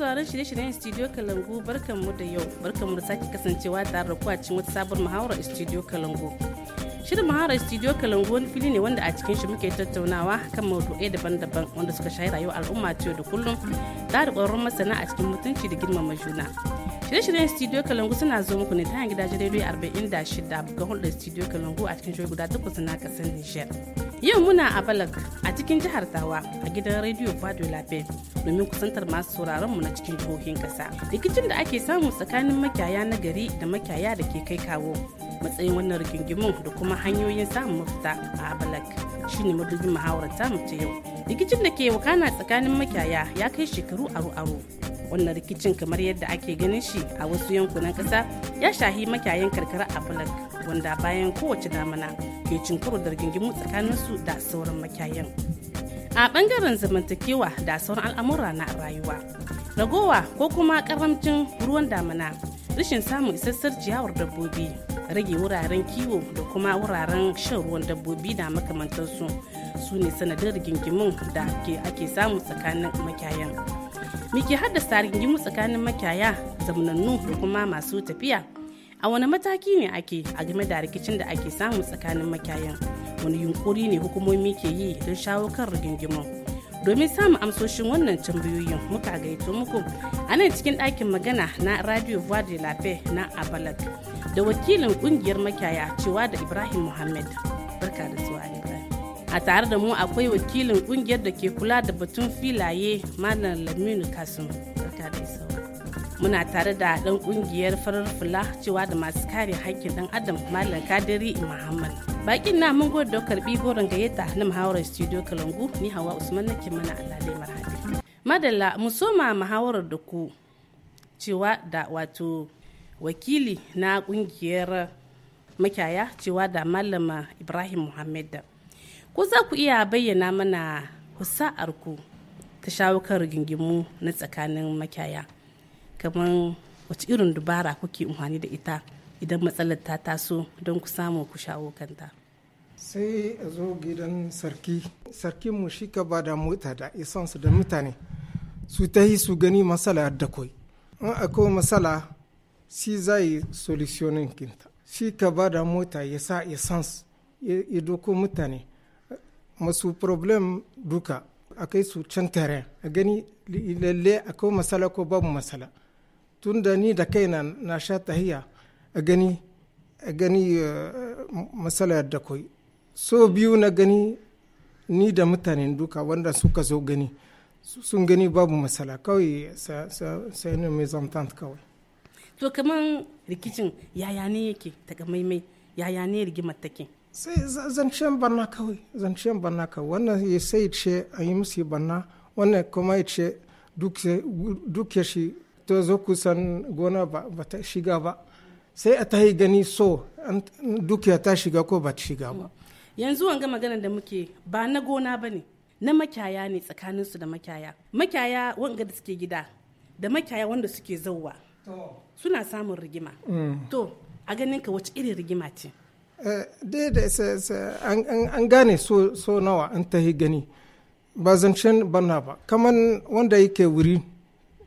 sauraron shirye-shiryen studio kalangu barkanmu da yau barkanmu da sake kasancewa tare da kuwa cikin wata sabon muhawarar studio kalangu shirin muhawarar studio kalangu wani fili ne wanda a cikin shi muke tattaunawa kan maudu'ai daban-daban wanda suka shahi rayuwar al'umma ta yau da kullum tare da ƙwararrun masana a cikin mutunci da girmama juna Shirye-shiryen Studio Kalangu suna zo muku ne ta hanyar gidajen rediyo 46 buga hulɗar Studio Kalangu a cikin shirya guda takwas na ƙasar Nijar. Yau muna a Balak a cikin jihar Tawa a gidan rediyo Fado Labe domin kusantar masu sauraron mu na cikin jihohin ƙasa. Rikicin da ake samu tsakanin makiyaya na gari da makiyaya da ke kai kawo. Matsayin wannan rigingimun da kuma hanyoyin samun mafita a Balak shine madubin muhawarar tamu ta yau. Rikicin da ke wakana tsakanin makiyaya ya kai shekaru aru-aru. wannan rikicin kamar yadda ake ganin shi a wasu yankunan ƙasa ya shahi makiyayin karkara a bulak wanda bayan kowace damana ke cin da rigingimu tsakaninsu da sauran makayan. a bangaren zamantakewa da sauran al'amura na rayuwa ragowa ko kuma karamcin ruwan damana rashin samun isassar ciyawar dabbobi rage wuraren kiwo da kuma wuraren shan ruwan dabbobi da makamantarsu su ne sanadin rigingimun da ake samu tsakanin makayan. Miki ke haddasa rigingimu tsakanin makiyaya zamanannu da kuma masu tafiya a wani mataki ne ake a game da rikicin da ake samu tsakanin makiyayan wani yunkuri ne hukumomi ke yi don shawo kan rigingimu domin samun amsoshin wannan tambayoyin muka gaito muku a nan cikin ɗakin magana na radio voix de la paix na abalak da wakilin ƙungiyar makiyaya cewa da ibrahim muhammad barka da zuwa a tare da mu akwai wakilin kungiyar da ke kula da batun filaye malam laminu kasim muna tare da dan kungiyar farar fula cewa da masu kare haƙƙin dan adam malam kadiri muhammad bakin na mun gode da karbi goron gayyata na muhawarar studio kalangu ni hawa usman nake mana alalai marhaɗi. madalla mu soma muhawarar da ku cewa da wato wakili na kungiyar makiyaya cewa da malama ibrahim muhammad ko za ku iya bayyana mana husa'arku ta shawo kan rigingimu na tsakanin makiyaya kamar wace irin dubara kuke umarni da ita idan matsalar ta taso don ku samu ku shawo kanta sai a zo gidan sarki sarki mu shi ka ba da mota da su da mutane su ta yi su gani matsala da koi in akwai matsala si za yi solutionin kinta shi ka ba da mota ya sa su ya doko mutane masu problem duka a kai su can tare a gani lalle akwai masala ko babu masala tun da ni da kaina na sha tahiya a gani a gani eh, masala da koi so biyu na gani ni da mutanen duka wanda suka zo gani sun gani babu masala kawai sai ne mai zamtant kawai to kaman rikicin yaya ne yake maimai yaya ne rigimar take sai zancen barna kawai zancen barna kawai wannan ya sai ce a yi musu barna wannan kuma ya ce duk ya shi ta zo kusan gona ba ta shiga ba sai a ta yi gani so duk ya ta shiga ko ba ta shiga ba yanzu wanga magana da muke ba na gona ba ne na makyaya ne tsakanin su da makyaya makyaya wanga da suke gida da makyaya wanda suke zauwa suna samun rigima mm. to a ganin ka wace irin rigima ce Eh, da an gane so nawa an tahi gani ba zancen bana ba kaman wanda yake wuri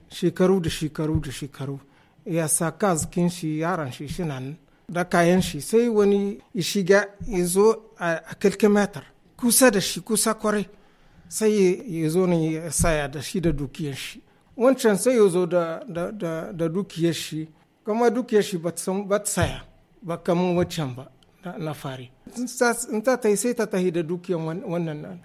shekaru da shekaru da shekaru ya sa kazikin shi yaran shi shinan da kayan shi sai wani ya shiga ya zo a kilkimetar kusa da shi kusa kwarai sai ya zo ne ya saya da shi da dukiyar shi wancan sai ya zo da dukiyar shi kuma dukiyar shi ba ta saya ba kamar wancan ba na fari in ta ta sai ta tahi da dukiyan wannan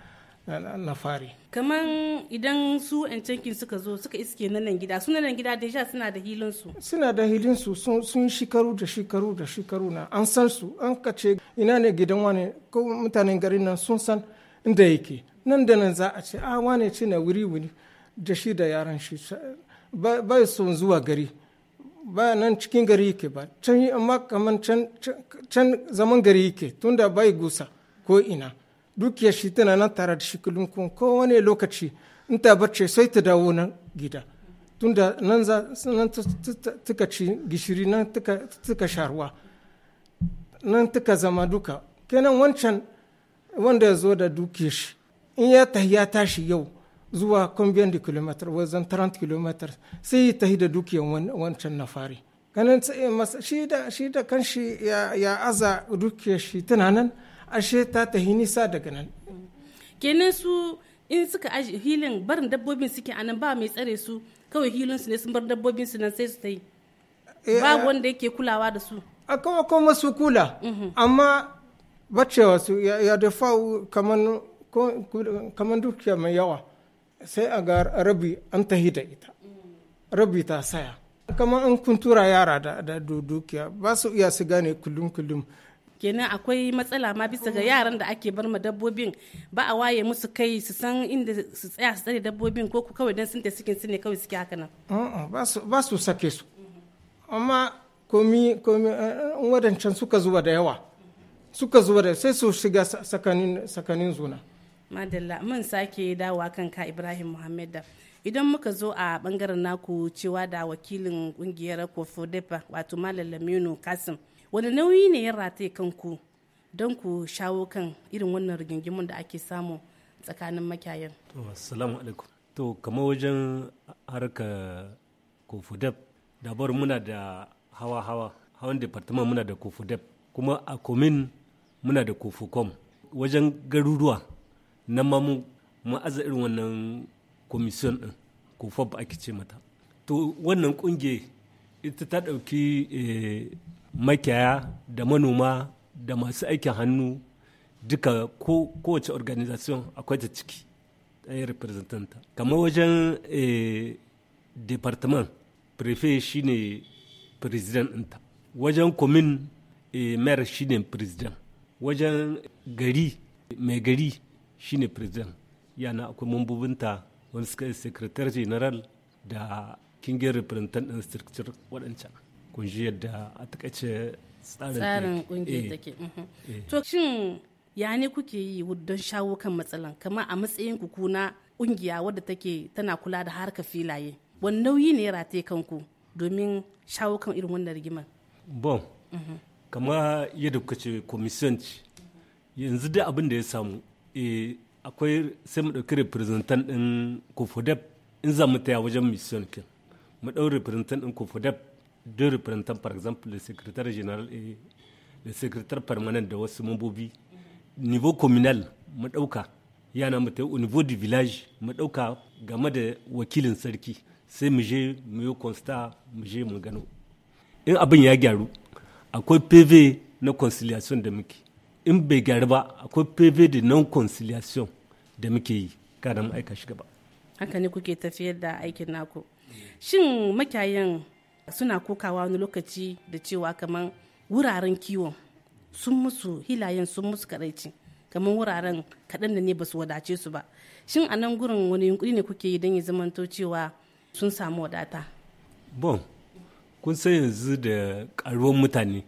na fari kaman idan su yancankin suka zo suka iske na nan gida su nan gida deja suna da hilinsu suna da hilinsu sun shekaru da shekaru da shekaru na an san su an kace ina ne gidan wani ko mutanen garin nan sun san inda yake nan da nan za a ce a ah, wane ce na wuri wuri da shi da yaran shi bai son zuwa gari ba nan cikin gari yake ba can yi amma kamar can zaman gari yake tunda bai gusa ko ina dukiyar shi tana nan tare da shi kullum wani lokaci in ta bace sai ta dawo nan gida tunda nan za nan tuka ci gishiri nan tuka sharuwa nan tuka zama duka kenan wancan wanda ya zo da dukiyar shi in ya tahi ya tashi yau zuwa kwambiyan da kilomitar wajen 30 kilomitar sai ya tahi da dukiyan wancan na fari ganin shi da shi da kanshi ya aza dukiyar shi tana nan ashe ta tahi nisa daga nan kenan su in suka aji hilin barin dabbobin suke anan ba mai tsare su kawai hilin su ne sun bar dabbobin su nan sai su tahi eh, eh, ba wanda yake kulawa da su akwai kuma su kula mhm. amma bacewa su ya dafa kamar dukiya mai yawa sai a ga rabi an tahi da ita rabi ta saya kama an kuntura yara da, dukiya ba su iya su gane kullum kullum kenan akwai matsala ma bisa ga yaran da ake bar ma dabbobin ba a waye musu kai su san inda su tsaya su tsare dabbobin ko ku kawai dan sun ta sikin su ne kawai suke haka nan ba su sake su amma komi komi eh, wadancan suka zuwa da yawa suka zuwa da sai su shiga sakanin zuna madalla mun sake dawowa kanka ibrahim muhammad idan muka zo a bangaren naku cewa da wakilin kungiyar kofodefa wato malam lamino kasim wani nauyi ne ya rataye kanku don ku shawo kan irin wannan rigingimun da ake samu tsakanin makiyayan to assalamu alaikum to kamar wajen harka kofodef dabar muna da hawa-hawa hawan departament muna da kofodef kuma a komin muna da kofokom wajen garuruwa na mamu ma'aza irin wannan komisiyon ɗin ko fab ake ce mata to wannan kunge ita ta ɗauki eh, makiyaya da manoma da masu aikin hannu duka kowace organization akwai ta ciki ɗaya representanta kamar wajen eh, department prefe shine president ɗinta wajen commune eh, mayor shine president wajen gari mai gari shine president yana akwai mambobinta wani suka yi secretary general da kingin representant din structure waɗancan kunji yadda a takaice tsarin kungiyar take eh. mhm. eh. to shin ya ne kuke yi don shawo kan matsalan kamar a matsayin ku kuna kungiya wadda take tana kula da harka filaye wani nauyi ne rataye kanku domin shawo kan irin wannan rigimar bon mhm. kama yadda kuka ce commission yanzu da abin da ya samu E, akwai sai mu ɗauki representant ɗin kofodep in za mu taya wajen mission kin mu ɗau representant ɗin kofodep don représentants par exemple secrétaire général et secrétaire permanent da wasu mambobi nivo communal mu ɗauka yana mu au nivo du village mu ɗauka game da wakilin sarki sai mu je mu yi constat mu je mu gano in abin ya gyaru akwai pv na conciliation da muke in bai gyaru ba akwai pv da non conciliation da muke yi kada mu aika shi gaba haka ne kuke tafiyar da aikin naku shin makiyayan suna kokawa wani lokaci da cewa kamar wuraren kiwon sun musu hilayen sun musu karaici kamar wuraren kaɗan da ne ba su wadace su ba shin a nan gurin wani yunkuri ne kuke yi don ya zamanto cewa sun samu wadata bon kun san yanzu da ƙaruwan mutane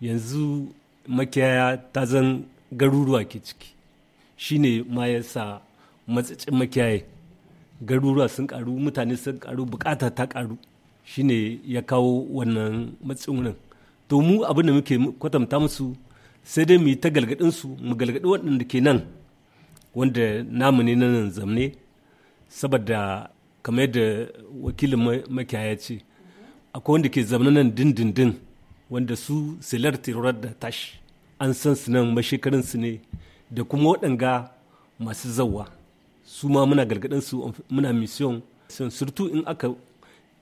yanzu makiyaya ta zan garuruwa ke ciki shi ne ma ya sa matsacin makiyaye garuruwa sun karu mutane sun karu bukata ta karu shi ne ya kawo wannan matsin wurin to mu abin da muke kwatanta musu sai dai mu yi ta galgadinsu mu galgadi waɗanda ke nan wanda namu ne nan zamne saboda kamar yadda wakilin makiyaya ce akwai wanda ke zamne nan dindindin wanda su silar tirar da tash an san su nan su ne da kuma waɗanga masu zawa su ma muna gargaɗin su um, muna mission sun surtu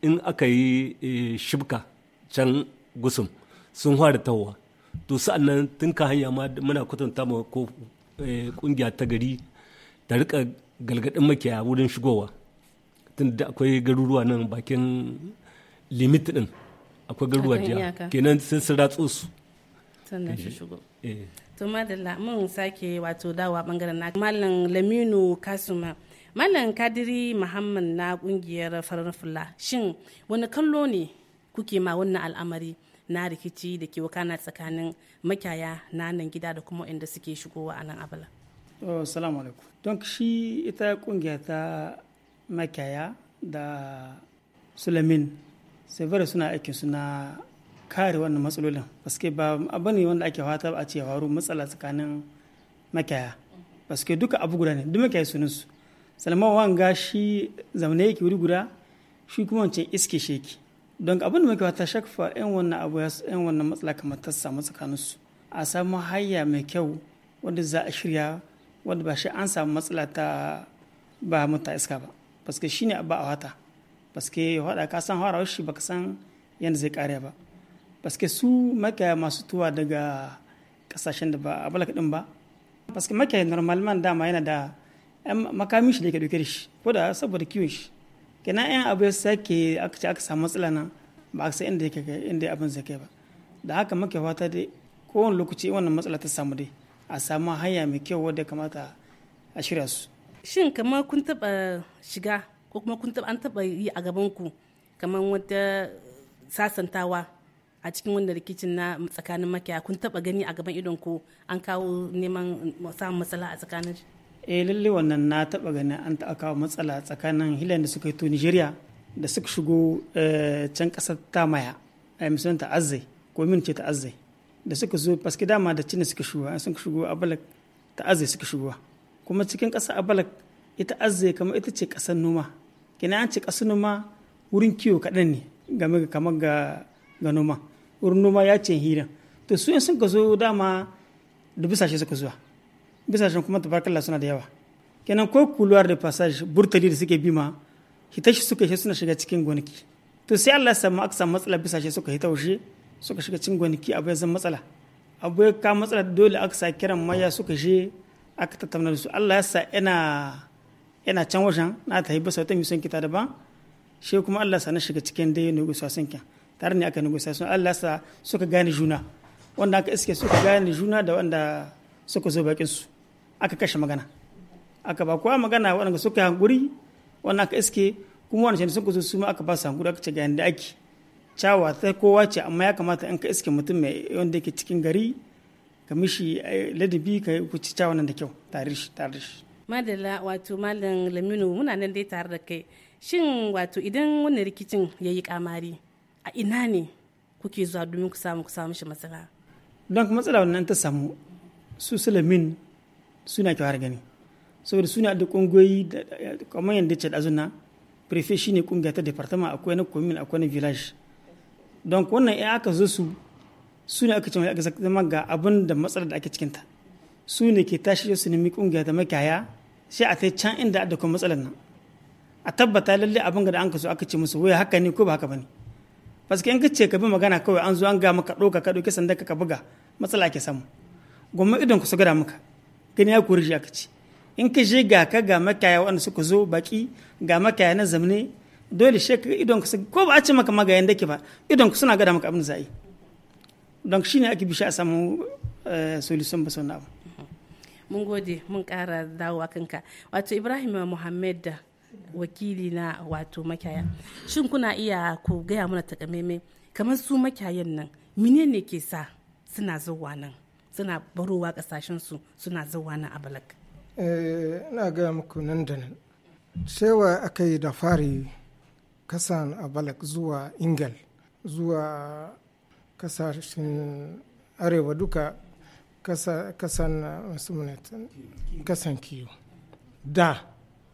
in aka yi eh, shibka can gusum sun fara tawa to sa'an nan tun ka hanya ma muna kwatanta ma ko kungiya eh, ta gari ta rika galgadin makiyaya wurin shigowa tun da akwai garuruwa nan bakin limit din akwai garuruwar jiya kenan sun sun ratso su sannan shi eh. shigo eh. to madalla mun sake wato dawa bangaren na mallam laminu kasuma mallam kadiri muhammad na kungiyar farar fula shin wani kallo ne kuke ma wannan al'amari na rikici da ke wakana tsakanin makiyaya na nan gida da kuma inda suke shigowa a nan abala salamu alaikum don shi ita kungiya ta makiyaya da sulamin severa suna aiki suna kare wannan matsalolin paske ba abu ne wanda ake fata a ce waru matsala tsakanin makiyaya paske duka abu guda ne duk makiyaya sunan su wa wanga shi zamane yake wuri guda shi kuma wancan iske sheki don abin da muke wata shakfa yan wannan abu yan wannan matsala kamar ta samu tsakanin su a samu hanya mai kyau wanda za a shirya wanda ba shi an samu matsala ta ba mutane iska ba paske shine ba a wata paske hada ka san hawara shi baka san yadda zai kare ba paske su makaya masu tuwa daga kasashen da ba a balaka din ba paske makaya man dama yana da makamin shi da ke dauke da shi ko da saboda kiwon shi kenan yan abu ya sake aka ce aka samu matsala na ba a san inda inda abin zai kai ba da haka maka fata dai kowane lokaci wannan matsala ta samu dai a samu hanya mai kyau wadda kamata a shirya su shin kamar kun taba shiga ko kuma kun an taba yi a gaban ku kamar wata sasantawa a cikin wanda rikicin na tsakanin makiya kun taba gani a gaban idon ku an kawo neman samun matsala a tsakanin shi eh lalle wannan na taba gani an taɓa kawo matsala tsakanin hilan da suka yi to Nigeria da suka shigo eh, can kasar tamaya a misalin ta azai eh, ko min ce ta azai da suka zo paske dama da cina suka shigo an suka shigo abalak ta azai suka shigo kuma cikin kasar abalak ita azai kamar ita ce kasar noma kina an ce kasu numa wurin kiwo kaɗan ne game ga kamar ga noma wurin noma ya ce hira to su sun ka zo dama da bisashe suka zuwa bisashen kuma tabarkalla suna da yawa kenan ko kuluwar da passage burtali da suke bima hita shi suka shi suna shiga cikin gonaki to sai Allah ya samu aka samu matsala bisashe suka hita washe suka shiga cikin gonaki abu ya zama matsala abu ya ka matsala dole aka kiran maya suka shi aka tattauna da su Allah ya sa ina yana can wajen na ta bisa wata misan kita daban shi kuma Allah sa na shiga cikin nugu negotiation kya tare ne aka negotiation Allah sa suka gane juna wanda aka iske suka gane juna da wanda suka zo bakin su aka kashe magana aka ba kowa magana wanda suka hankuri wanda aka iske kuma wanda suka zo su ma aka ba su hankuri aka ce ga da ake cawa ta kowa ce amma ya kamata in ka iske mutum mai wanda yake cikin gari ka mishi eh, ladabi ka kuci cawa nan da kyau tare shi tare shi madalla wato malam laminu muna nan dai tare da kai shin wato idan wannan rikicin ya yi kamari a ina ne kuke zuwa domin ku samu ku samu shi matsala don matsala wannan ta samu su sulamin suna har gani saboda suna da kungiyoyi kamar yadda ce da azuna prefe shine kungiya ta departament akwai na commune akwai na village don wannan ya aka zo su suna aka ce aka zama ga abin da matsalar da ake cikinta su ne ke tashi su nemi kungiya da makiyaya sai a ta can inda da kuma matsalar nan a tabbata lalle abin da an ka so aka ce musu waya haka ne ko ba haka bane paske in ce ka bi magana kawai an zo an ga maka doka ka doke sanda ka buga matsala ke samu gwamma idon ku su gada maka gani ya kori aka ce in ka je ga ka ga makiyaya wanda suka zo baki ga makiyaya na zamne dole shi ka idon ku ko ba a ce maka magayan ke ba idon ku suna gada maka abin da za a yi don shine ake bisha a samu eh, solution ba sauna abu mun gode mun kara dawowa kanka wato ibrahim muhammed wakili na wato makiyaya shin kuna iya ku gaya mana takamaiman kamar su makiyayan nan menene ke sa suna zuwa nan suna barowa kasashen su suna zuwa nan a balak eh, ina gaya muku nan da nan cewa aka yi da fari kasan a balak zuwa ingal zuwa kasashen arewa duka kasan kiwo da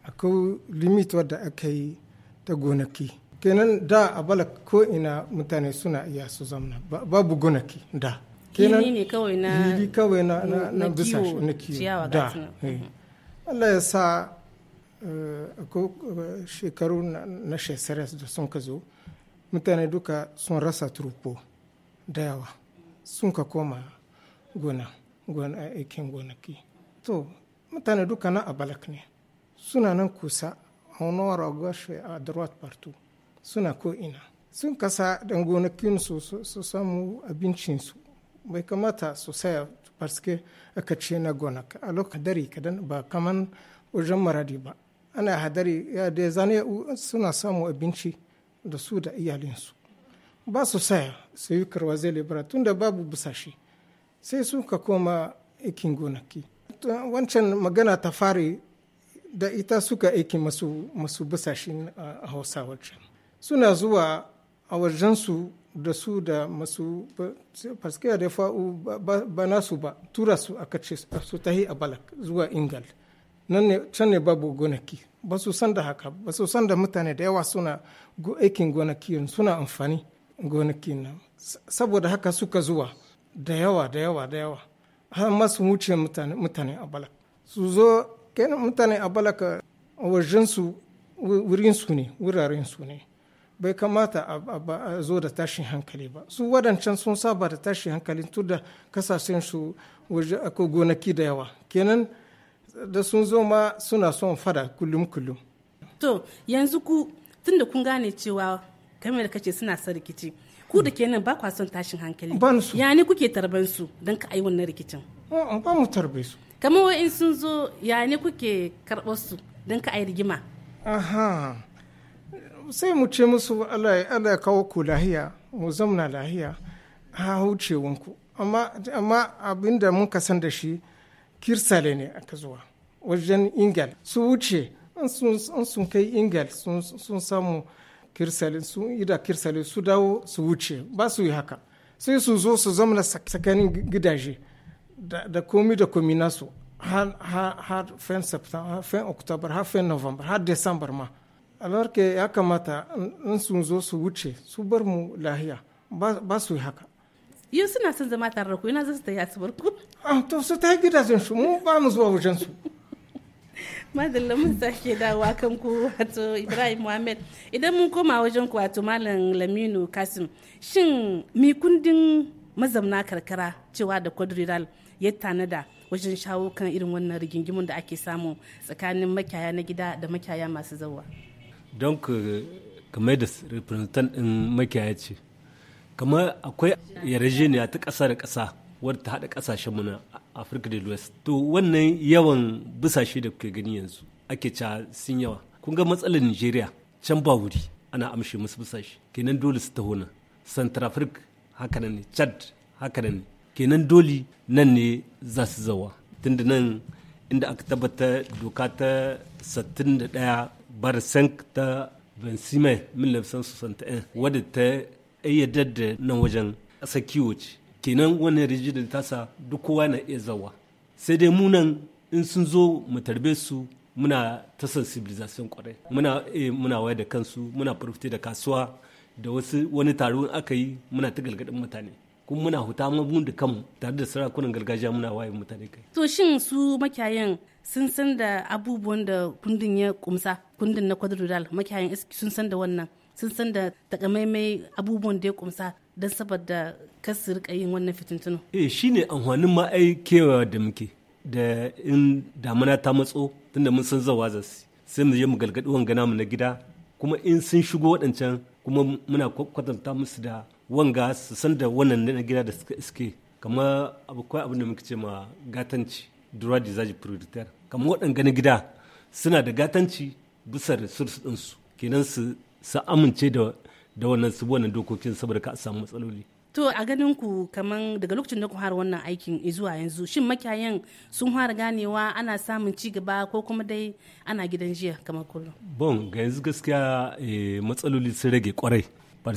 akwai limit wadda aka yi ta gonaki kenan da a bala ko ina mutane suna iya su zamna babu gonaki da kenan ne kawai na hili kawai na na bisa na kiwo da eh. mhm. Allah ya sa eh, ko eh, shekaru na shesares da sun ka zo mutane duka sun rasa turko da yawa sun ka koma gona aikin gonaki to mutane duka nan a balak ne suna nan kusa a wani a a droit partout suna ko ina sun kasa dan gonakin su su samu abincinsu. bai kamata su saya parce aka ce na gonak a lokacin dare kadan ba kaman wajen maradi ba ana hadari ya da zane suna samu abinci da su da iyalinsu ba su saya su yi karwa zai tunda babu busashi sai suka koma aikin gonaki wancan magana ta fari da ita suka aiki masu, masu busashin a hausa wajen suna zuwa a wajensu da su da masu faskiya da fa'u ba nasu ba tura su aka ce su tahi a balak zuwa ingal nan can ne babu gonaki ba su san da haka ba su san da mutane da yawa suna aikin gonaki suna amfani gonaki nan saboda haka suka zuwa da yawa da yawa da yawa har masu wuce mutane a balak su zo kenan mutane a balak a wajensu wurin su ne wuraren su ne bai kamata a zo da tashin hankali ba su wadancan sun saba da tashin hankali tun da kasashen su waje akwai gonaki da yawa kenan da sun zo ma suna son fada kullum kullum to yanzu ku tunda kun gane cewa kamar kace suna sarkici rikici ku da kenan ba kwa son tashin hankali ba su ya ne kuke tarban su don ka ai wannan rikicin ba mu tarbe su kamar in sun zo ya ne kuke karɓar su don ka ayi rigima aha sai mu ce musu Allah ya kawo ku lahiya mu zamna lahiya ha wanku amma amma da mun san da shi kirsale ne aka zuwa wajen ingal su wuce an sun kai ingal sun samu kirsalin su yi da kirsali su dawo su wuce ba su yi haka sai su zo su zama tsakanin gidaje da komi da komi nasu har fen september fin october har fin november har december ma alors ya kamata in sun zo su wuce su bar mu lahiya ba su yi haka yin suna son zama tare da ku ina zasu ta yi asibar ku ah, to su ta yi gidajen su mu ba mu zuwa wajen su madalla mun sake dawa kan ku wato ibrahim muhammad idan mun koma wajen ku wato malam laminu kasim shin mi kundin mazamna karkara cewa da quadrilateral ya tanada wajen shawo kan irin wannan rigingimun da ake samu tsakanin makiyaya na gida da makiyaya masu zawa don kamar da representant din makiyaya ce kamar akwai yarjejeniya ta ƙasa da ƙasa wadda ta haɗa ƙasashen mu na afirka da west to wannan yawan busashe da kuke gani yanzu ake ca sun yawa kun ga matsalar nigeria can ba wuri ana amshe musu busashe kenan dole su taho nan central africa haka nan ne chad haka nan ne kenan dole nan ne za su zawa tunda nan inda aka tabbata doka ta 61 bar 5 ta 25 1961 wadda ta ayyadar da nan wajen ƙasa kiwo ce kenan wannan da tasa duk kowa na iya zawa sai dai munan in sun zo mu tarbe su muna ta sensibilisation kwarai muna eh, muna wayar da kansu muna furfute da kasuwa da wasu wani taro aka yi muna ta galgadin mutane kuma muna huta mun da kanmu tare da sarakunan gargajiya muna waye mutane kai to shin su makiyayan sun san da abubuwan da kundin ya kumsa kundin na kwadrodal makiyayan sun san da wannan sun san da takamaimai abubuwan da ya kumsa don saboda kar su rika yin wannan fitintunu eh shine amfanin ma ai kewa da muke da in damuna ta matso tunda mun san zawa za su sai mu je mu galgadi wanga mu na gida kuma in sun shigo waɗancan kuma muna kwatanta musu da wanga su san da wannan na gida da suka iske kamar akwai abin da muke ce ma gatanci Dura da zaji prioritaire kamar waɗanga na gida suna da gatanci bisa resource ɗinsu kenan su amince da wannan su wannan dokokin saboda ka samu matsaloli to a ganin ku kaman daga lokacin da ku fara wannan aikin zuwa yanzu shin makiyayan sun fara ganewa ana samun ci gaba ko kuma dai ana gidan jiya kamar kullum bon ga yanzu gaskiya eh, matsaloli sun rage kwarai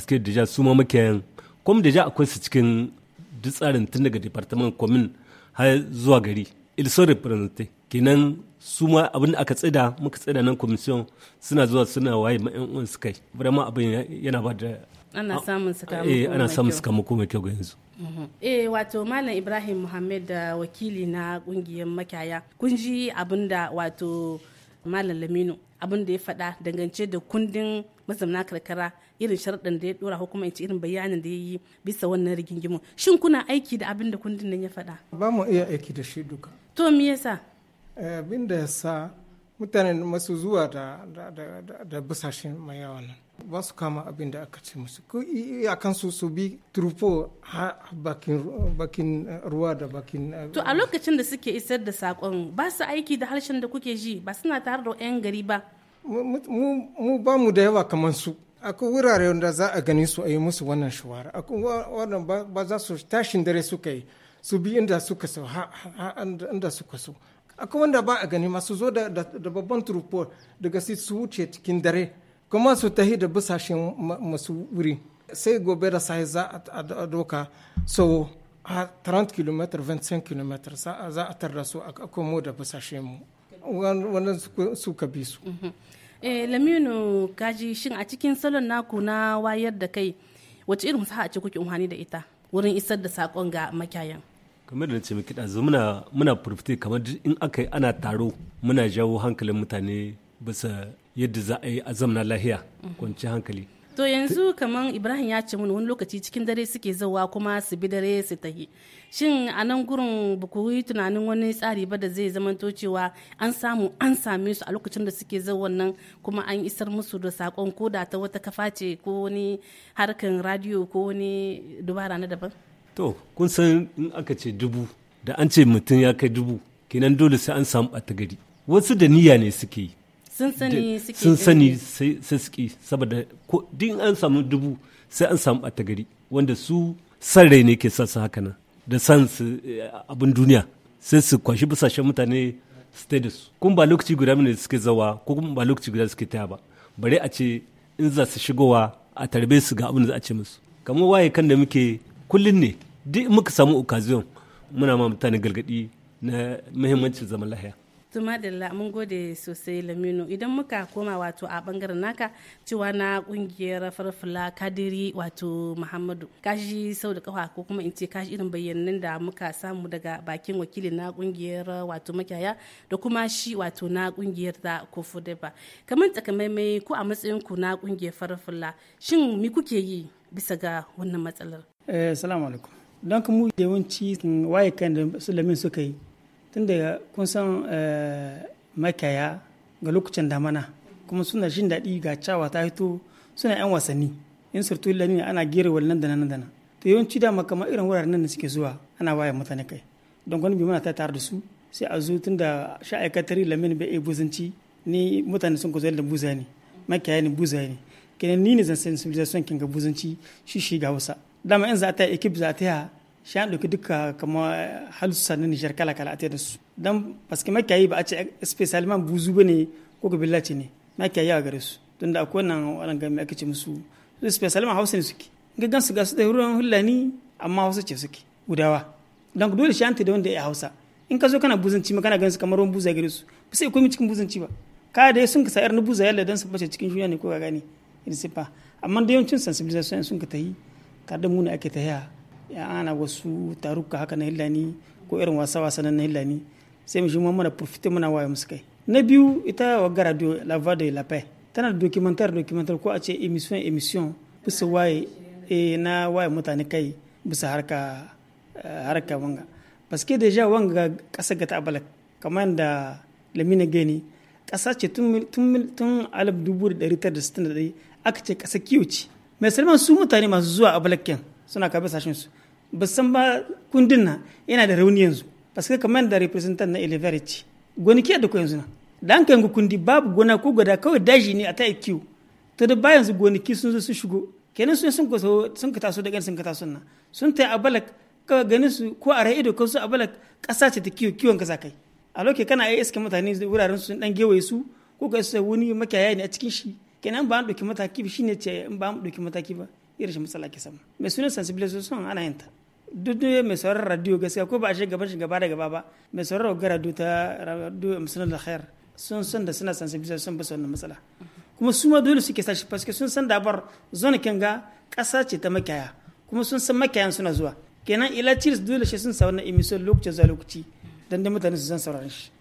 que deja su ma makiyayan kuma deja akwai su cikin duk tsarin tun daga department komin har zuwa gari il sont représenté kenan su ma abin da aka tsida muka tsida nan commission suna zuwa suna waye ma'yan uwan su kai vraiment abin yana ba da ana ah, samun sakamako eh ana samun sakamako mai kyau yanzu mm-hmm. eh wato malam ibrahim muhammad da wakili na kungiyar makiyaya kun ji abin da wato malam lamino abin da ya faɗa dangance da kundin mazamna karkara irin sharɗin da ya ɗora ko kuma in irin bayanin da ya yi bisa wannan rigingimu shin kuna aiki da abin da kundin nan ya faɗa ba mu iya aiki da shi duka to me yasa eh, abin da ya sa mutane masu zuwa da da da, da, busashen mai yawa nan ba su kama abin da aka ce musu ko iyakan su su bi turfo bakin eh, ruwa da bakin eh, to a lokacin da suke isar da sakon ba su aiki da harshen da kuke ji ba suna tare da 'yan gari ba mu ba mu da yawa kamar su akwai wurare da za a gani su a yi musu wannan shawara akwai wannan ba za su tashin dare suka yi su bi inda suka so inda suka so akwai wanda ba a gani masu zo da babban turfo daga su wuce cikin dare kuma su tahi da busashen masu wuri sai gobe da sai za a doka so a 30 km 25 km za a tarda su a komo da busashen mu wannan su ka bi su mhm. eh, kaji shin a cikin salon naku na wayar da kai wace irin sa'a ce kuke umarni da ita wurin isar da sakon ga makiyayan kamar da ce mai kiɗa muna muna kamar in aka ana taro muna jawo hankalin mutane bisa yadda za a yi a zamna lahiya kwanci hankali to yanzu kamar ibrahim ya ce mun wani lokaci cikin dare suke zauwa kuma su bi dare su tahi shin a nan gurin ba yi tunanin wani tsari ba da zai zamanto cewa an samu an same su a lokacin da suke zauwan nan kuma an isar musu da sakon da ta wata kafa ce ko wani harkan radio ko wani dubara na daban to kun san in aka ce dubu da an ce mutum ya kai dubu kenan dole sai an samu ɓata gari wasu da niyya ne suke yi sun sani sun sai suke saboda din an samu dubu sai an samu ɓata gari wanda su san rai ne ke sa su haka nan da san su eh, abin duniya sai su kwashi busashen mutane su da su kun ba lokaci guda ne suke zawa ko kuma ba lokaci guda suke taya ba bare a ce in za su shigowa a tarbe su ga abin da za a ce musu kamar waye kan da muke kullun ne duk muka samu occasion muna ma mutane gargadi na muhimmancin zaman lahiya to madalla mun gode sosai lamino idan muka koma wato a bangaren naka cewa na kungiyar farfula kadiri wato muhammadu kashi sau da kafa ko kuma in ce kashi irin bayyanan da muka samu daga bakin wakilin na kungiyar wato makiyaya da kuma shi wato na kungiyar da kofu deba kamar takamaimai ko a matsayin ku na kungiyar farfula shin mi kuke yi bisa ga wannan matsalar eh, salamu alaikum don kuma yawanci waye kan da sulamin suka yi tunda kun san eh, makiyaya ga lokacin damana kuma suna jin daɗi ga cawa ta hito suna 'yan wasanni in surtu lani ana gera nan da nan da nan to yawanci dama kama irin wuraren nan da suke zuwa ana waye mutane kai don wani bimana ta tare da su sai a zo tun da sha'aikatari lamin bai iya buzanci ni mutane sun kuzari da buza ne makiyaya ne buza ne kenan ni ne zan san civilization kin ga buzanci shi shi ga wasa dama in za ta yi ekip za ta shi an ɗauki duka kama halussa na nishar kala kala a da su don paske yi ba a ce man buzu ba ne ko ga billaci ne yi a gare su don da akwai nan wannan gami ake ce musu su man hausa ne suke ga gansu ga su da ruwan hulani amma hausa ce suke gudawa don dole shi an ta da wanda ya hausa in ka zo kana buzanci ma kana su kamar ruwan buza gare su ba sai komai cikin buzanci ba ka da sun ka sayar na buza yalla don su bace cikin shuya ne ko ga gani irin sifa amma da yawancin sensibilization sun ka ta yi tare da ake ta yaya ana wasu taruka haka na hillani ko irin wasa wasa na hillani sai mu shi mu mana profite muna waye musu kai na biyu ita wa radio la voix de la paix tana da documentaire documentaire ko a ce émission émission bisa waye eh, na waye mutane kai bisa harka eh, harka wanga que deja wanga kasa ga ta'abala kamar da lamina gani kasa ce tun tun dubu da ɗari da sittin da ɗari aka ce kasa kiwo mai salman su mutane masu zuwa a balakken suna kabe sashen su ba san ba kundin na yana da rauni yanzu parce que kamar da representant na elevarity ya ke da ko yanzu na da an kai kundi babu gona ko gada kawai daji ne a ta kiwo to da ba yanzu gonaki sun zo su shigo kenan sun sun ka sun ka taso da gan sun ka taso na sun ta abalak ka ganin su ko a ido ko su abalak kasa ce ta kiwo kiwon kasa kai a loke kana ai iska mutane wuraren su dan gewaye su ko ka sai wani makiyaya ne a cikin shi kenan ba an doki mataki shine ce in ba an doki mataki ba irin shi matsala ke sama mai sunan sensibilization ana yin ta duk da mai sauran radio gaskiya ko ba a shiga gaban gaba da gaba ba mai sauran ga radio ta radio musulun da khair sun san da suna sabisa sun bisa wannan matsala kuma su ma dole suke sashi paske sun san dabar zona ga kasa ce ta makaya kuma sun san makiyayan suna zuwa kenan ila cheers dole shi sun sa wannan emission lokaci zuwa lokaci dan da mutane su san sauraron shi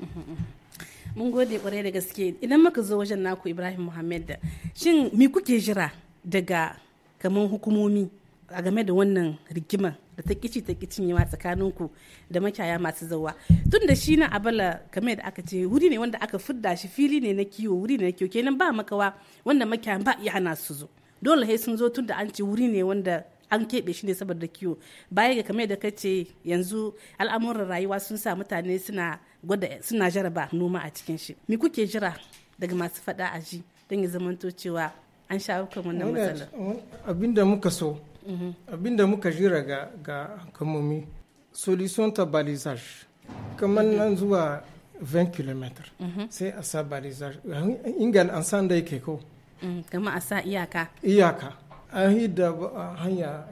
mun gode kwarai da gaske idan muka zo wajen naku ibrahim muhammad shin mi kuke jira daga kaman hukumomi a game da wannan rigimar da ta kici ta kicin yawa tsakanin ku da makiyaya masu zawa tun da shi na abala game da aka ce wuri ne wanda aka fudda shi fili ne na kiwo wuri ne na kiwo kenan ba makawa wanda makiyaya ba iya hana su zo dole sai sun zo tun da an ce wuri ne wanda an keɓe shi ne saboda kiwo baya ga kamar da kace yanzu al'amuran rayuwa sun sa mutane suna gwada suna jaraba noma a cikin shi me kuke jira daga masu faɗa a ji don ya zamanto cewa an shawo wannan matsalar abinda muka so abinda muka jira ga ga kamomi solution ta balisage kamar nan zuwa 20 km sai a sa balisage ingal an san da yake ko mm, kama a sa iyaka iyaka an yi da hanya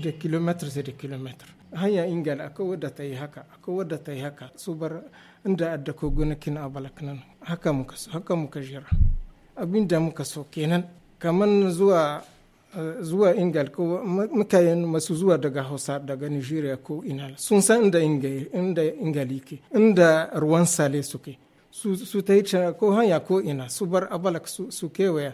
da kilometer sai da kilometer hanya ingal akwai wadda ta yi haka akwai wadda ta yi haka su bar inda adda ko gonakin a haka muka haka muka jira abin da muka so kenan kamar zuwa zuwa ingal ko mukayen masu zuwa daga hausa daga nigeria ko inal sun san inda ingal yake inda ruwan sale suke su ta yi ko hanya ko ina su bar abalak su kewaya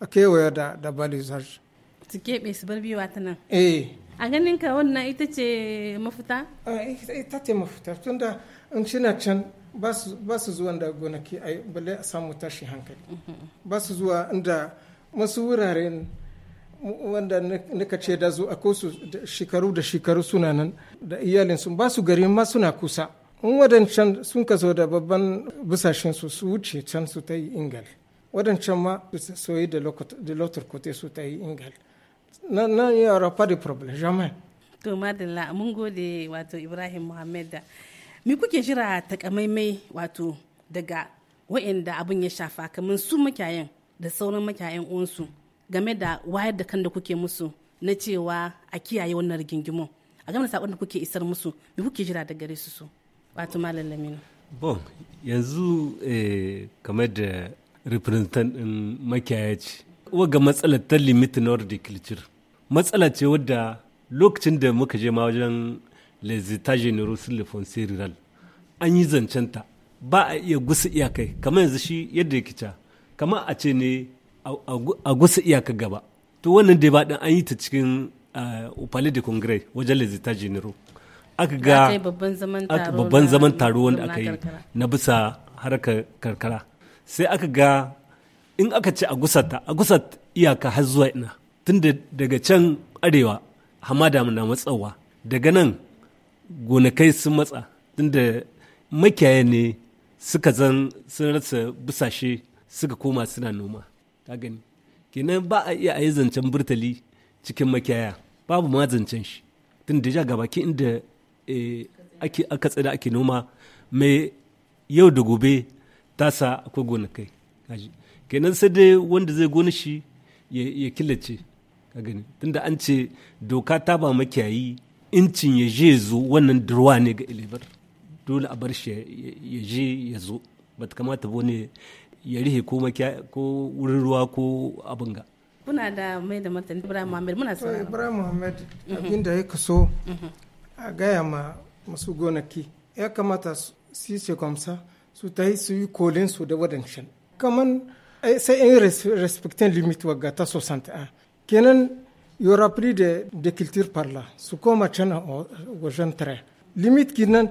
a kewaya da da balizar su kebe su bar biyu ta nan eh a ganin ka wannan ita ce mafita ah, ita ce mafita tunda in cina can ba su zuwa da gonaki a balle a samu tashi hankali ba su zuwa inda masu mhm. wuraren wanda nika ce da zu a su shekaru da shekaru suna nan da iyalinsu ba su gari ma suna kusa in wadancan sun ka zo da babban busashen su su wuce can su ta yi ingal wadancan ma su da lotar kote su ta yi ingal na yi yara fa da problem jamai to madalla mun gode wato ibrahim muhammad da mi kuke jira takamaimai wato daga wa'anda abin ya shafa kamar su makiyayan da sauran makiyayan uwansu game da wayar da kan da kuke musu na cewa a kiyaye wannan rigingimu a game da sabon da kuke isar musu me kuke jira da gare su su wato malam bon yanzu kama eh, kamar da representant din makiyaya ce ga matsalar ta limit nordic culture matsala ce wadda lokacin da muka je ma wajen les états généraux sur le foncier rural an yi zancen ta ba a iya gusa iyakai kamar yanzu shi yadda ya kica kamar a ce ne a gusa iyaka gaba to wannan dai ba an yi ta cikin upale de congrès wajen lezita genero aka ga babban zaman taro wanda aka yi na bisa harkar karkara sai aka ga in aka ce a gusata a iyaka har zuwa ina tun daga can arewa hamada na matsawa daga nan gonakai sun matsa tun da makiyaya ne suka zan sun rasa busashe suka koma suna noma ka gani kenan ba a iya ayi zancen burtali cikin makiyaya babu ma zancen shi tun da ja gabaki inda eh, ake aka tsada ake noma mai yau da gobe ta sa akwai gonakai kaji kenan sai dai wanda zai gona shi ya killace ka gani tunda an ce doka ta ba makiyayi incin ya je zo wannan durwa ne ga ilibar dole a bar shi ya je ya zo ba ta kamata ba ne ya rihe ko ko wurin ruwa ko abin ga kuna da mai da martani ibrahim muhammad muna saurara ibrahim muhammad mhm. abinda ya kaso mhm. a gaya ma masu gonaki ya kamata su yi kwamsa su ta yi su yi kolin su da wadancan kaman eh, sai in respectin limit wagga ta 61 kenan yora plus de de culture par su koma can wajen tare limit kinan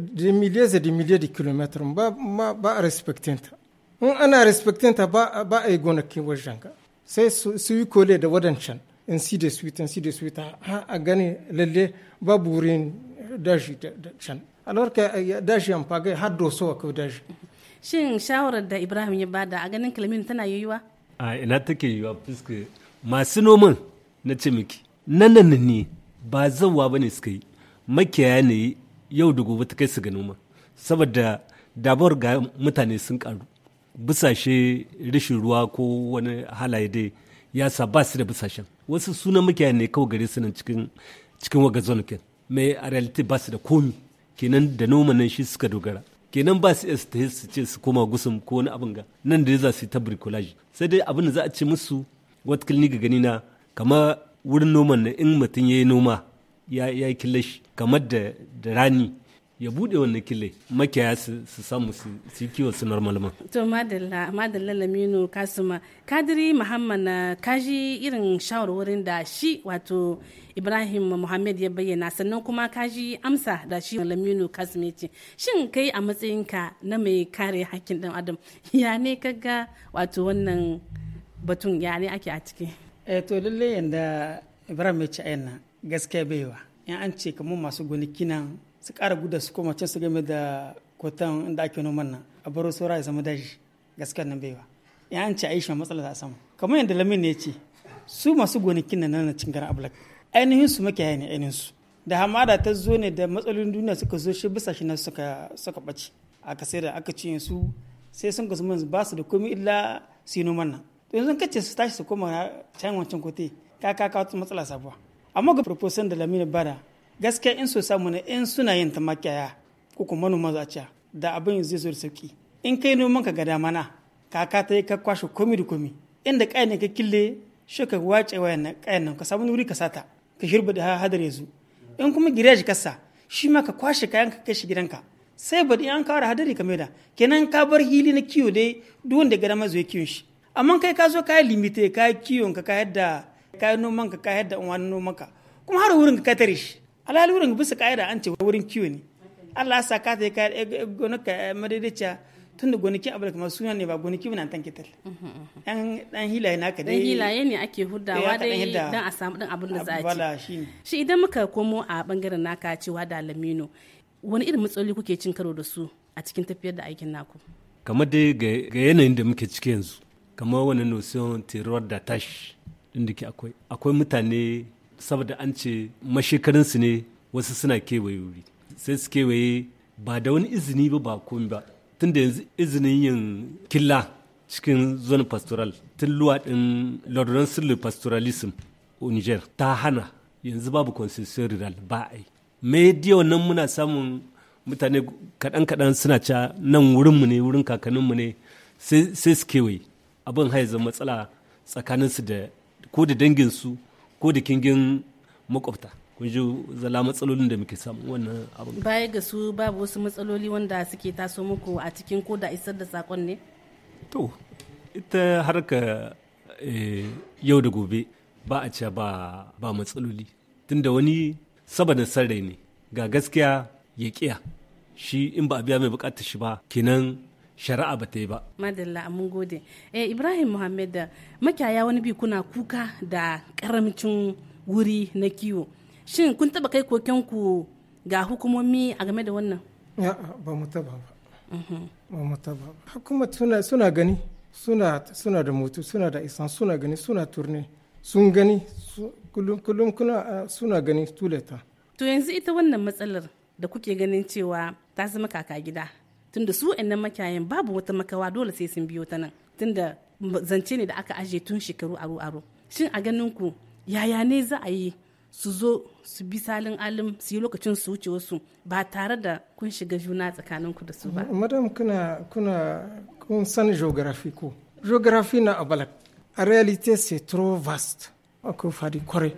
de milliers et de milliers de kilomètres ba ba ba respectin ta in ana respectin ta ba a yi gonakin wajen ka sai su yi kole da wadancan in si da suite in si da suite ha a gani lalle babu wurin dashi da can alawar ka dashi an fagai har doso a kawai dashi shin shawarar da ibrahim ya bada a ganin kalmin tana yiwuwa a ina take yiwuwa fuske masu noman na ce miki nan ne ba zauwa ba ne suka yi makiyaya ne yau da gobe ta kai su ga noma saboda dabar ga mutane sun karu bisashe rashin ruwa ko wani halaye dai ya sa ba su da bisashen wasu sunan muke ne kawai gare su nan cikin cikin waga zonakin mai a realiti ba su da komi kenan da noma nan shi suka dogara kenan ba su iya su ce su koma gusum ko wani abin ga nan da za su yi ta bricolage sai dai abin da za a ce musu watakil ni ga gani na kamar wurin noman na in mutum ya yi noma ya yi killashi kamar da rani ya bude wannan kile makiyaya su samu su kiwo su normal ma. To madalla madalla Laminu Kasuma Kadiri Muhammad na kaji irin shawarwarin da shi wato Ibrahim Muhammad ya bayyana sannan kuma kaji amsa da shi Laminu Kasuma ce shin kai a matsayinka na mai kare hakkin dan adam ya ne kaga wato wannan batun ya ne ake a ciki. Eh to lallai yanda Ibrahim ya ci ayyana gaskiya baiwa in an ce kamar masu gonaki nan su ƙara guda su koma can su game da kotan inda ake noman nan a baro saura ya zama daji gaskiyar nan baiwa Ya an ci aisha matsala ta sama. kamar yadda lamin ne ya ce su masu gonakin nan na cingar ablak ainihin su makiyaya ne ainihin su da hamada ta zo ne da matsalolin duniya suka zo shi bisa shi na suka suka bace. aka sai da aka ci su sai sun gasu mun ba su da komai illa su yi noman nan to yanzu kace su tashi su koma can wancan kote ka ka ka matsala sabuwa amma ga proposal da lamina bada gaskiya in so samu ne in suna yin ta makiyaya ko kuma manoma za da abin zai zo da sauki in kai noman ka gada mana kaka ta yi ka kwashe komi da komi inda kayan ka kille shi ka wace wayan kayan nan ka samu wuri ka sata ka shirba da hadar yanzu in kuma gireji ka sa shi ma ka kwashe kayan ka kai shi gidanka sai ba in an da hadari ka maida kenan ka bar hili na kiwo dai duk wanda gada mazo ya kiwon shi amma kai ka zo ka yi limite ka yi kiwon ka ka yadda ka yi noman ka ka yadda wani noman ka kuma har wurin ka tare shi alalurin bisa ka'ida an ce wurin kiwo ne Allah sa ka ta kai eh, eh, gonaka eh, madaidaiciya tun da gonaki abu da kamar suna ne ba gonaki ba tanke tal mhm, mhm. yan dan hilaye naka dai dan hilaye ne ake hudawa dai dan a samu dan abin da za a ci shi idan muka komo a bangaren naka cewa da lamino wani irin matsaloli kuke cin karo da su a cikin tafiyar da aikin naku kamar dai ga yanayin da muke ciki yanzu kamar wani notion terror da tash din da ke akwai akwai mutane saboda an ce su ne wasu suna kewaye wuri sai su kewaye ba da wani izini ba ba komi ba tun da yanzu izinin yin killa cikin zone pastoral tun luwa din lordon sulu pastoralism niger ta hana yanzu babu concession rural ba a yi me diyo nan muna samun mutane kaɗan-kaɗan suna ca nan wurinmu ne wurin kakanninmu ne sai su kewaye abin haiza matsala tsakaninsu da ko da danginsu ko da kingin makwabta kun ji zala matsalolin da muke samu wannan abin baya ga su babu wasu matsaloli wanda suke taso muku a cikin ko da isar da sakon ne to ita harka eh, yau da gobe ba a ce ba ba matsaloli tunda wani saboda sarrai ne ga gaskiya ya kiya shi in ba a biya mai bukatar shi ba kenan shari'a ba ta yi ba. Madalla mun gode. Eh, Ibrahim Muhammad makiyaya wani bi kuna kuka da karamcin wuri na kiwo. Shin kun taba kai kokenku ga hukumomi a game da wannan? Ya, ba mu taba ba. Mhm. Ba mu taba ba. Hukumar suna, suna gani suna, suna da mutu suna da isan suna gani suna turne sun gani kullum kullum kuna suna gani tuleta. To yanzu ita wannan matsalar da kuke ganin cewa ta zama kaka gida tunda su nan makiyayan babu wata makawa dole sai sun biyo ta nan tunda zance ne da aka aje tun shekaru aro aro shin a ganin ku yaya ne za a yi su zo su bi salin alim su yi lokacin su wuce wasu ba tare da kun shiga juna ku da su ba madam kuna kuna kun san geography ko geography na abalak a reality c'est trop vaste akwai fadi kwarai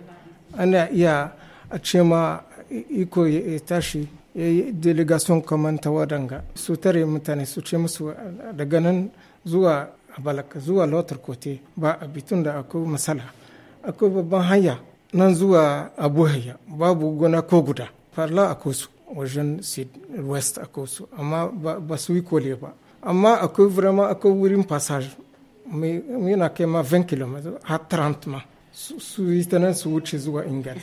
ana iya a ce ma iko ya tashi Eh, delegation kamar ta waɗanga su tare mutane su ce musu daga nan zuwa balaka zuwa lotar kote ba a bitun da akwai masala akwai babban hanya nan zuwa abuhaya babu gona ko guda farla a su wajen west a su amma ba su yi kole ba amma akwai vraiment akwai wurin passage yana kai ma 20 km har 30 ma su yi ta nan su wuce zuwa ingila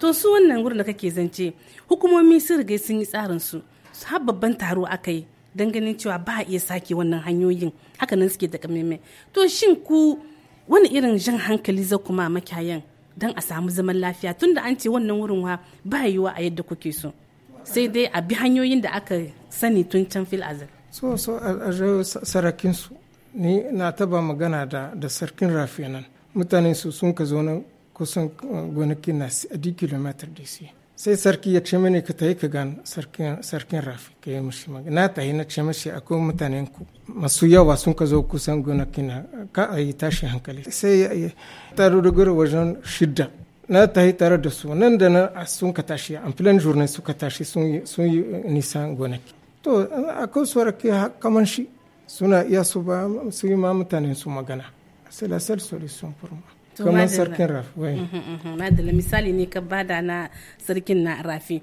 to su wannan wurin da kake zance hukumomi sun riga sun yi tsarin su har babban taro aka yi ganin cewa ba a iya sake wannan hanyoyin haka nan suke da kameme to shin ku wani irin jan hankali za kuma makiyayan don a samu zaman lafiya tunda an ce wannan wurin wa ba yiwa a yadda kuke so sai dai a bi hanyoyin da aka sani tun can fil azal so so a sarakin su ni na taba magana da da sarkin rafi nan mutane su sun ka zo nan kusan uh, gonaki na a di kilometer da su sai sarki ya ce mini ka tayi ka gan sarkin rafi ka yi mishi magana na tayi na ce mishi akwai mutane masu yawa sun ka zo kusan gonaki na ka a yi tashi hankali sai ya yi taro da gura wajen shida. na tayi tare da su nan da nan sun ka tashi an filan jurnai suka tashi sun yi nisan gonaki to akwai su kamar shi suna iya su ba su yi ma mutane su magana c'est la seule solution pour moi sarkin raf mm-hmm, mm-hmm. misali ne ka bada na sarkin na rafi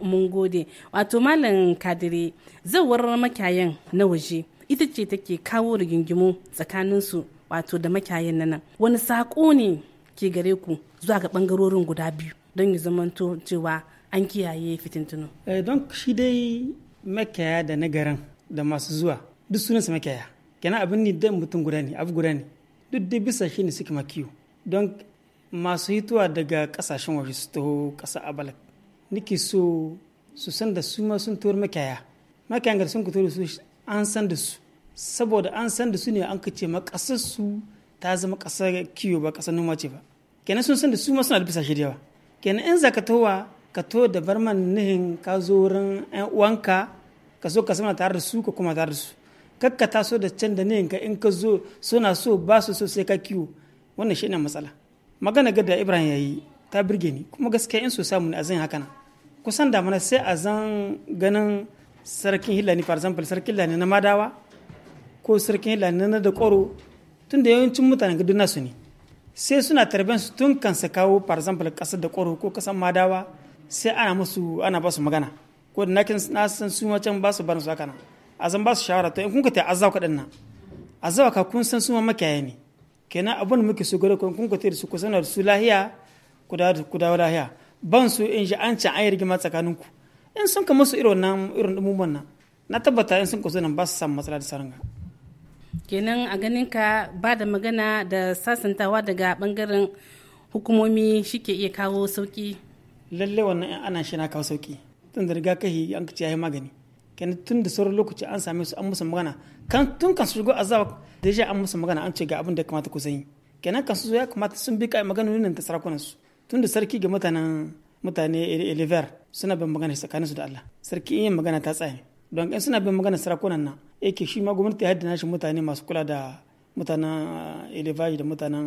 mm. mun gode wato malam kadire zawar makayan na waje ita ce take kawo rigingimu tsakaninsu wato da makayan nan wani sako ne ke gare ku zuwa ga bangarorin guda biyu don ya zamanto cewa an kiyaye fitintunu eh, don shi dai makaya da na garin da masu zuwa duk su makaya kenan abin ni dan mutum guda ne abu guda ne duk dai bisa shi ne suke makiyo don masu hituwa daga kasashen waje su taho kasa abalak nake so su san da su ma sun tuwar makiyaya makiyan gar sun kuto da su an san da su saboda an san da su ne an kace ma su ta zama kasar kiyo ba kasar noma ce ba kenan sun san da su ma suna da bisa shi da yawa kenan in ka tawa ka to da barman nihin ka zo wurin 'yan uwanka ka so ka sama tare da su ka kuma tare da su kakka taso da can da ne in ka zo suna so ba su so sai ka kiwo wannan shi ne matsala magana ga da ibrahim ya yi ta birge ni kuma gaskiya in so samu ne a zan haka na kusan da mana sai a zan ganin sarkin hillani for example sarkin hillani na madawa ko sarkin hillani na da koro tun da yawancin mutanen gudu nasu ne sai suna tarbiyyar su tun kan su kawo for example kasar da koro ko kasar madawa sai ana musu ana ba su magana ko da na san su ma can ba su bar su haka nan a zan ba su shawara to in kun ka ta azza ku dinnan azza ka kun san su ma ne kenan abin da muke so gare ku kun ka ta su ku su lahiya ku da ku da lahiya ban su in ji an ci an yi rigima tsakanin ku in sun ka su irin nan irin dumumman nan na tabbata in sun kusa nan ba su san matsala da saranga kenan a ganin ka ba da magana da sasantawa daga bangaren hukumomi shike iya kawo sauki lalle wannan ana shi na kawo sauki tun da riga kai an ci yayi magani kenan tun da sauran lokaci an same su an musu magana kan tun kan su shigo da ya an musu magana an ce ga abin da ya kamata ku sani kenan kan su ya kamata sun bi kai maganar ta sarakunan su tun da sarki ga mutanen mutane eliver suna bin magana tsakanin su da Allah sarki in yin magana ta tsaye don in suna bin magana sarakunan nan yake shi ma gwamnati ya haddana shi mutane masu kula da mutanen elever da mutanen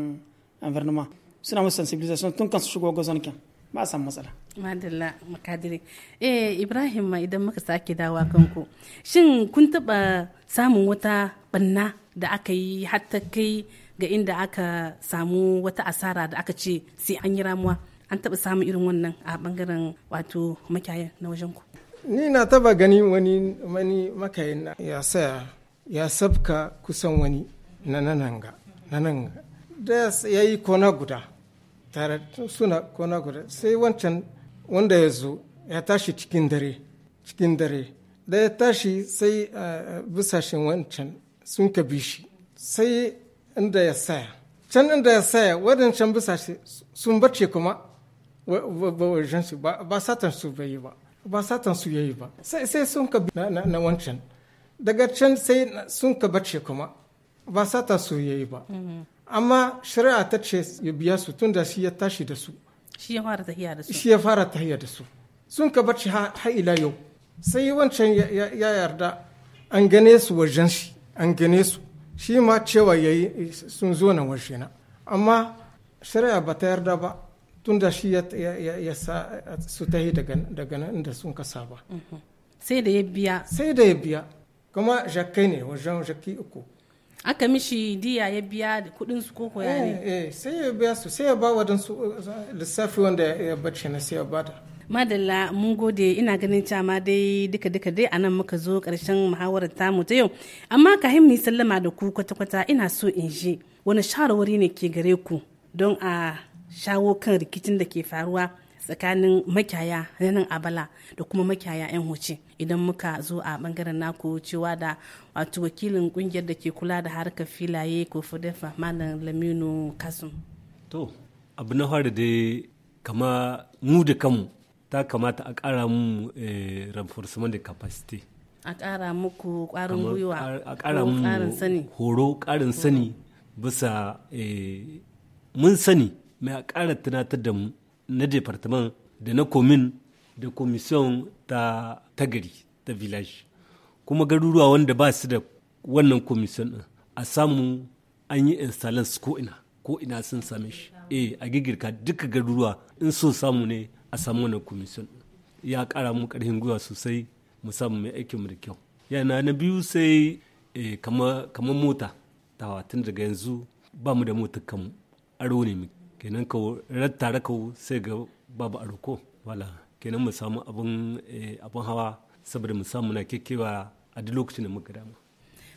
environnement suna musu sensibilisation tun kan su shigo gwazon kenan ba san matsala madalla makadire eh ibrahim ma idan muka sake dawa kanku shin kun taba samun wata banna da aka yi hatta kai ga inda aka samu wata asara da aka ce sai an yi ramuwa an taba samun irin wannan a bangaren wato makayan na wajen ku ni na taba gani wani wani makayin ya saya ya sabka kusan wani na nananga na nananga da ya yi kona guda tare suna kona guda sai wancan wanda ya zo ya tashi cikin dare cikin dare da ya tashi sai a busashen wancan sun ka bi shi sai inda ya saya can inda ya saya wadancan busashe sun barce kuma wajen su ba satan su bai yi ba ba satan su yayi ba sai sun ka bi. na wancan daga can sai sun ka barce kuma ba satan su yayi ba mm-hmm. amma shari'a ta ce ya biya su tun da shi ya tashi da su shi ya fara tahiya da su shi ya fara tahiya da su sun ka barci har ila yau sai wancan ya yarda an gane su wajen shi an gane su shi ma cewa yi sun zo na wajen na amma shari'a ba ta yarda ba tun da shi ya sa su tahi daga nan da sun ka ba. Mhm. sai da ya biya sai da ya biya kuma jakai ne wajen jakai uku aka mishi diya ya biya da kudin su koko ya ne eh, eh, sai ya biya su sai ya ba wadansu uh, lissafi wanda ya bace na sai ya bada madalla mun gode ina ganin cewa dai duka duka dai anan muka zo karshen muhawarar tamu ta yau amma ka mu sallama da ku kwata kwata ina so in je wani shawarwari ne ke gare ku don a shawo kan rikicin da ke faruwa tsakanin makiyaya na nan abala da kuma makiyaya yan huce idan muka zo a bangaren naku cewa da wato wakilin kungiyar da ke kula da harkar filaye ko fudefa malam laminu kasum to abu na fara dai kama mu da kanmu ta kamata a kara mu eh, reinforcement da capacity a kara muku ƙwarin gwiwa a kara mu horo ƙarin sani bisa eh, mun sani mai a kara tunatar da mu na departement da na komin da commission ta tagari ta village kuma garuruwa wanda ba su da wannan commission din a samu an yi installance ko ina ko ina sun same shi eh a gigirka duka garuruwa in so samu ne a samu wannan commission ya kara mu karfin gwiwa sosai mu samu mai aikin mu da kyau yana na biyu sai eh, kama, mota tawa tun daga yanzu ba mu da motar kanmu aro ne kenan ka tare ka sai ga babu aro ko wala kenan mu samu abun eh, hawa saboda mu samu na kekewa a duk lokacin da muka dama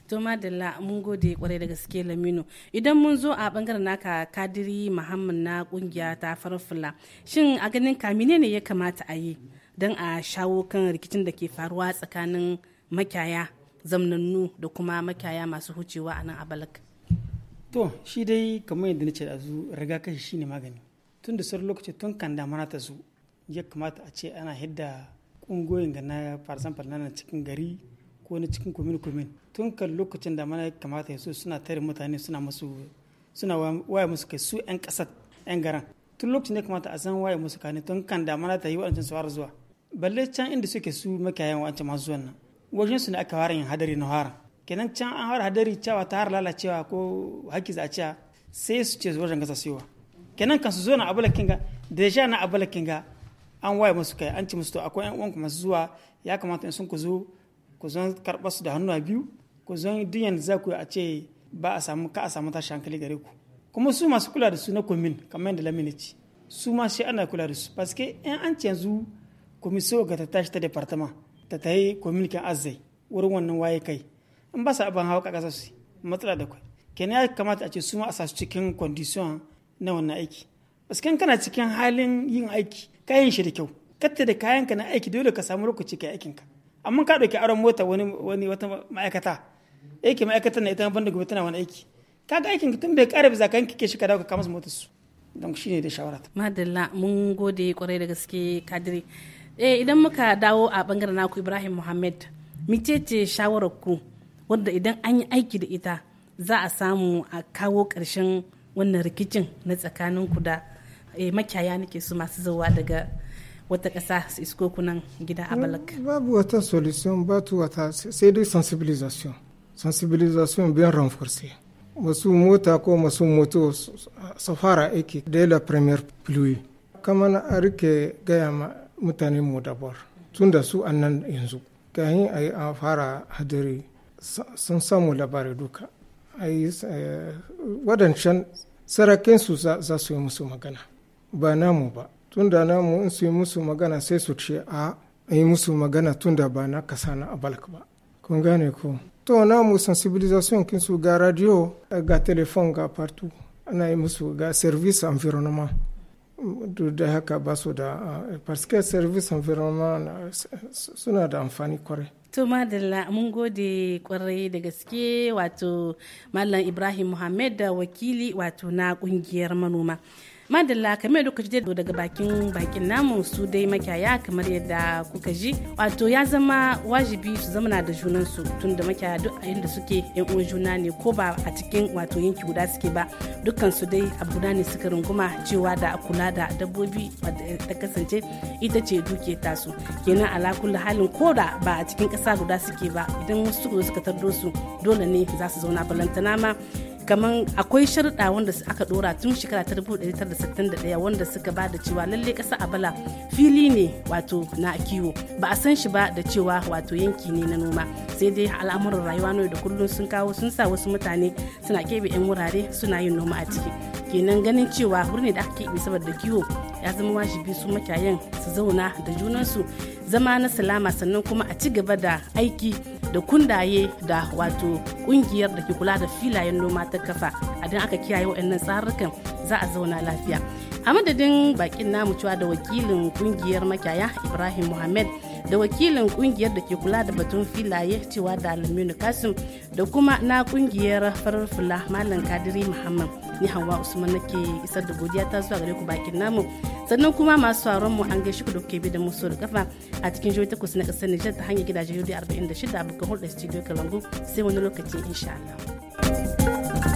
to madalla mun gode kwarai da gaske lamino idan mun zo a bangaren naka kadiri muhammad na kungiya ta farfula shin a ganin ka ne ya kamata a yi don a shawo kan rikicin da ke faruwa tsakanin makiyaya zamnannu da kuma makiyaya masu hucewa a nan a balak to shi dai kamar yadda na ce da su shi shine magani tun da sauran lokaci tun kan damana ta zu ya kamata a ce ana hidda ƙungoyin ga na for example na cikin gari ko na cikin komin komin tun kan lokacin da mana ya kamata yaso suna tare mutane suna masu suna waya musu kai su 'yan ƙasar 'yan garan tun lokacin da ya kamata a san waye musu kane tun kan da mana ta yi waɗancan su zuwa balle can inda suke su makiyayan waɗancan masu zuwan nan wajen su ne aka fara yin hadari na hara kenan can an fara hadari cewa ta har lalacewa ko haƙƙi za a cewa sai su ce wajen gasa siyowa kenan kan su zo na abulakin ga deja na abulakin ga an waye musu kai an ci musu to akwai yan uwanku masu zuwa ya kamata in sun ku zo ku zo karɓar su da hannu a biyu ku zo duk yanzu za ku a ce ba a samu ka a samu tashi hankali gare ku kuma su masu kula da su na komin kamar yadda lamini ci su ma shi ana kula da su paske in an ci yanzu komisiyo ga ta tashi ta departement ta ta yi kan azai wurin wannan waye kai in ba sa abin hawa ka su matsala da kai kenan ya kamata a ce su ma a sa su cikin condition na wannan aiki paske kana cikin halin yin aiki kayan shi da kyau katta da kayanka na aiki dole ka samu lokaci kai aikinka amma ka ɗauki aron mota wani wani wata ma'aikata aiki ma'aikatan na ita ban da gobe tana wani aiki kaga aikin tun bai kare bisa kan kike shi ka dawo ka kama motar su don shi ne da shawara madalla mun gode kwarai da gaske kadiri eh idan muka dawo a bangaren naku Ibrahim Muhammad micece shawarar ku wanda idan an yi aiki da ita za a samu a kawo ƙarshen wannan rikicin na tsakaninku da Eh, makiyaya nake su masu zuwa daga wata ƙasa su isko kunan gida a balak eh, babu wata solution ba wata sai dai sensibilization sensibilization bien renforcé masu mota ko masu moto su fara aiki da la premier pluie kamar a rike gaya ma mutane mu dabar tun da su annan yanzu kayan a yi fara hadari sun samu labarai duka a eh, wadancan sarakin su za su yi musu magana ba namu ba tunda namu in su yi musu magana sai su ce a yi musu magana tunda ba na kasa na abalk ba kun gane ko to namu sensibilisation kin su ga radio ga telefon ga partout ana yi musu ga service environnement duk da haka ba su da eh, parce service environnement suna da amfani kwarai to madalla mun gode kwarai da gaske wato mallam ibrahim muhammad da wakili wato na kungiyar manoma madalla kamar da kuka ji daga bakin bakin namu su dai makiyaya kamar yadda kuka ji wato ya zama wajibi su zamana da junan su tun da makiyaya duk a inda suke yan uwan juna ne ko ba a cikin wato yanki guda suke ba dukkan su dai abu guda ne suka runguma cewa da kula da dabbobi ta kasance ita ce duke ta su kenan ala halin ko da ba a cikin ƙasa guda suke ba idan wasu suka tardo su dole ne za su zauna balantana ma kamar akwai sharuɗa wanda aka ɗora tun shekara ta 1961 wanda suka ba da cewa lalle ƙasa bala fili ne wato na kiwo ba a san shi ba da cewa wato yanki ne na noma sai dai al'amuran rayuwa ne da kullum sun kawo sun sa wasu mutane suna keɓe 'yan wurare suna yin noma a ciki kenan ganin cewa wurin da aka keɓe saboda kiwo ya zama bi su makiyayan su zauna da junansu zama na salama sannan kuma a ci gaba da aiki da kundaye da wato kungiyar da ke kula da filayen noma ta kafa a don aka kiyaye waɗannan tsarukan za a zauna lafiya a madadin bakin namu cewa da wakilin kungiyar makiyaya ibrahim muhammad da wakilin kungiyar da ke kula da batun filaye cewa da aluminu kasim da kuma na kungiyar farar fula malam kadiri muhammad ni hawa usman nake isar da godiya ta zuwa gare ku bakin namu sannan kuma masu sauran mu an gaishe ku da kebe da musu da kafa a cikin jihohi takwas na kasar Nijar ta hanyar gidajen yau 46 a bukan hulɗar studio Kalangu sai wani lokaci insha Allah.